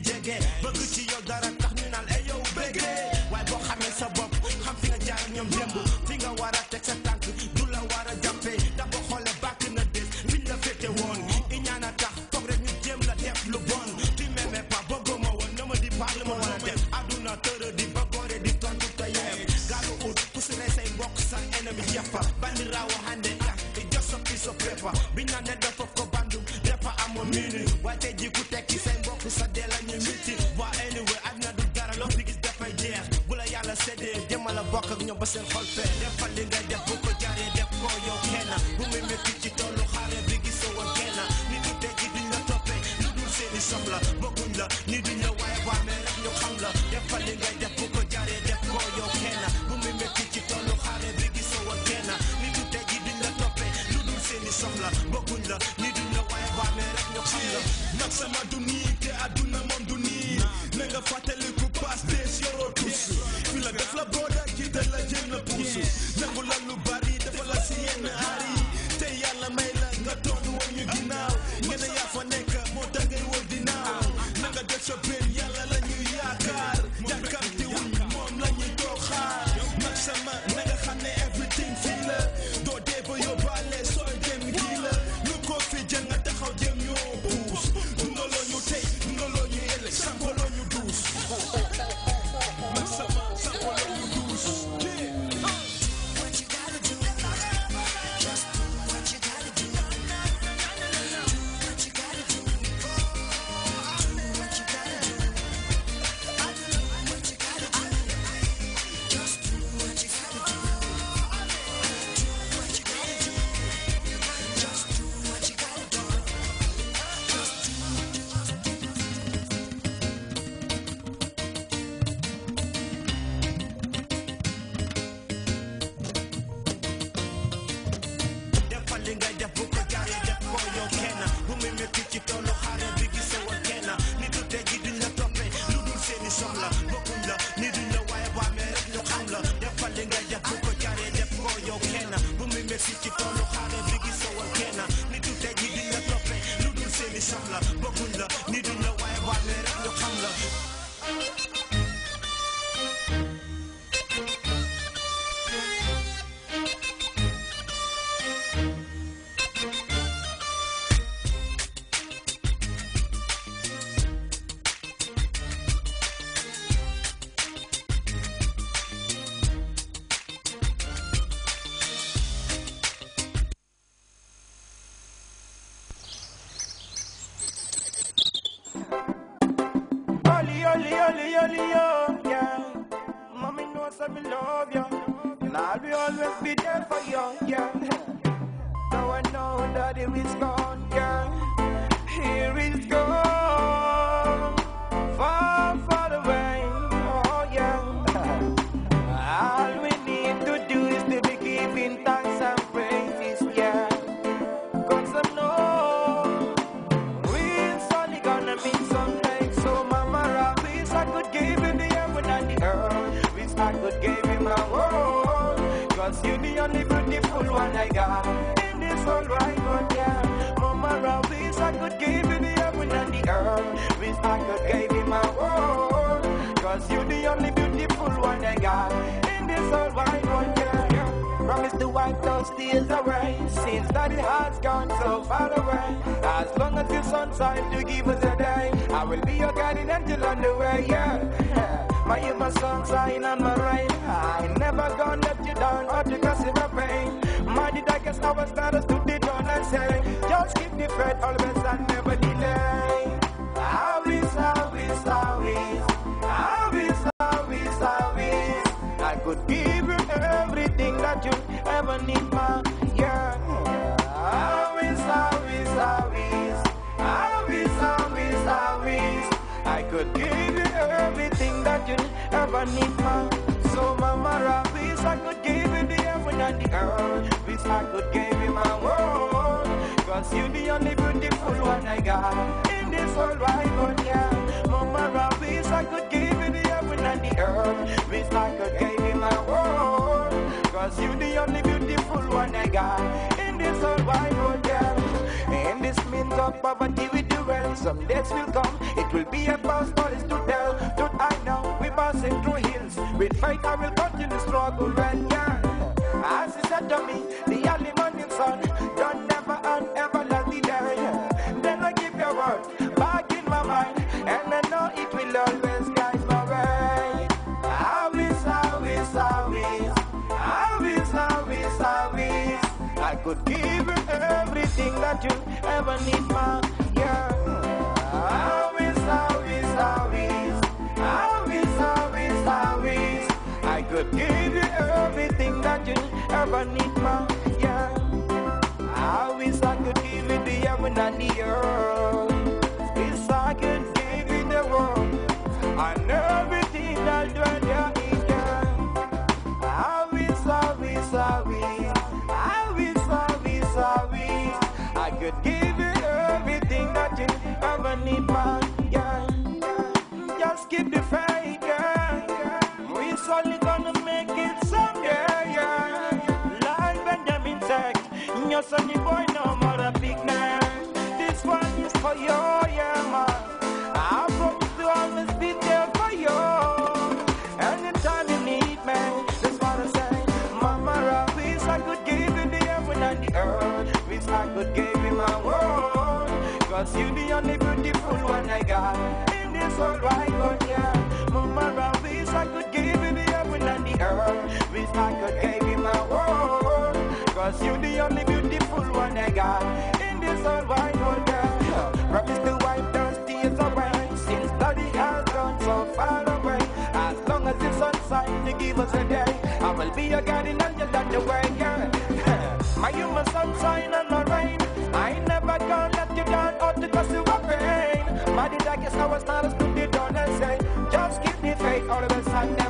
dégg bëgg ci yow dara wax ak ñoom ba seen xol fee defal li ngay def bu ko jaaree def ko yow kenn bu muy métti ci tollu xaare bi gisoo woon kenn ni du tey ji duñ la toppee lu dul seeni soxla bëgguñ la ni duñ la waaye waa mais rek ñu xam la defal li ngay def bu ko jaaree def ko yow kenn bu muy métti ci tollu xaare bi gisoo woon kenn ni du tey ji duñ la toppee lu dul seeni soxla bëgguñ la ni duñ la waaye waa mais rek ñu xam la nag sama du nii te àdduna moom du nii na nga fàttali here it's gone, girl. Far, far away. Oh, yeah. All we need to do is to be giving thanks and praises, yeah. I know we're only gonna meet someday. So, Mama, I I could give him the heaven and the earth. Wish I could give him my world. you you're the only beautiful one I got in this whole world. I could give you my world. Cause you're the only beautiful one I got in this whole wide world, girl. Promise to wipe those tears away. Since that has gone so far away. As long as your sun's time to give us a day, I will be your guiding angel on the way, yeah. My ever sunshine and my rain. I never gonna let you down or to cause you pain. My did I guess I was not as good as and say, just keep the faith always and never delay. Yeah, always, always, always, always, always, always. I could give you everything that you need, ma. So, mama, rabbis, I could give you the heaven and the earth. Wish I could give you my world. you you're the only beautiful one I got in this whole wide world, Mama, rabbis, I could give you the heaven and the earth. Wish I could give you my world. Cause you the only beautiful one I got In this whole wide world, girl In this means of poverty we do well. Some days will come, it will be past stories to tell Don't I know, we passing through hills With fight I will continue struggle and yeah, As is a dummy, could give you everything that you ever need, my girl. Always, always, always, always, always, always. I could give you everything that you ever need, my girl. Always, I could give you the heaven and the earth. your sonny boy no more a big man. This one is for you, yeah, man. I promise to always be there for you. Anytime you need me, just want I say, Mama, I I could give you the heaven and the earth. Wish I could give you my world. Cause you the only beautiful one I got in this whole wide world, yeah. Mama, I I could give you the heaven and the earth. Wish I could Cause you the only beautiful one I eh, got in this whole wide world, girl. Eh? Promise to wipe those tears away since bloody has gone so far away. As long as the sun shines give us a day, I will be your guardian angel on the way, girl. My human sunshine and my rain. I never gonna let you down or to cause you a pain. My did I guess I was not as good, you don't say. Just give me faith all of a sudden.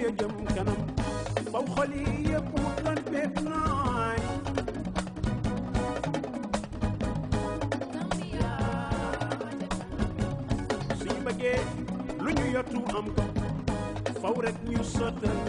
ya jëm kanam faw xol yi yëpp mu doon bépp nooy suñu bëggee lu ñu yottu am ko faw rek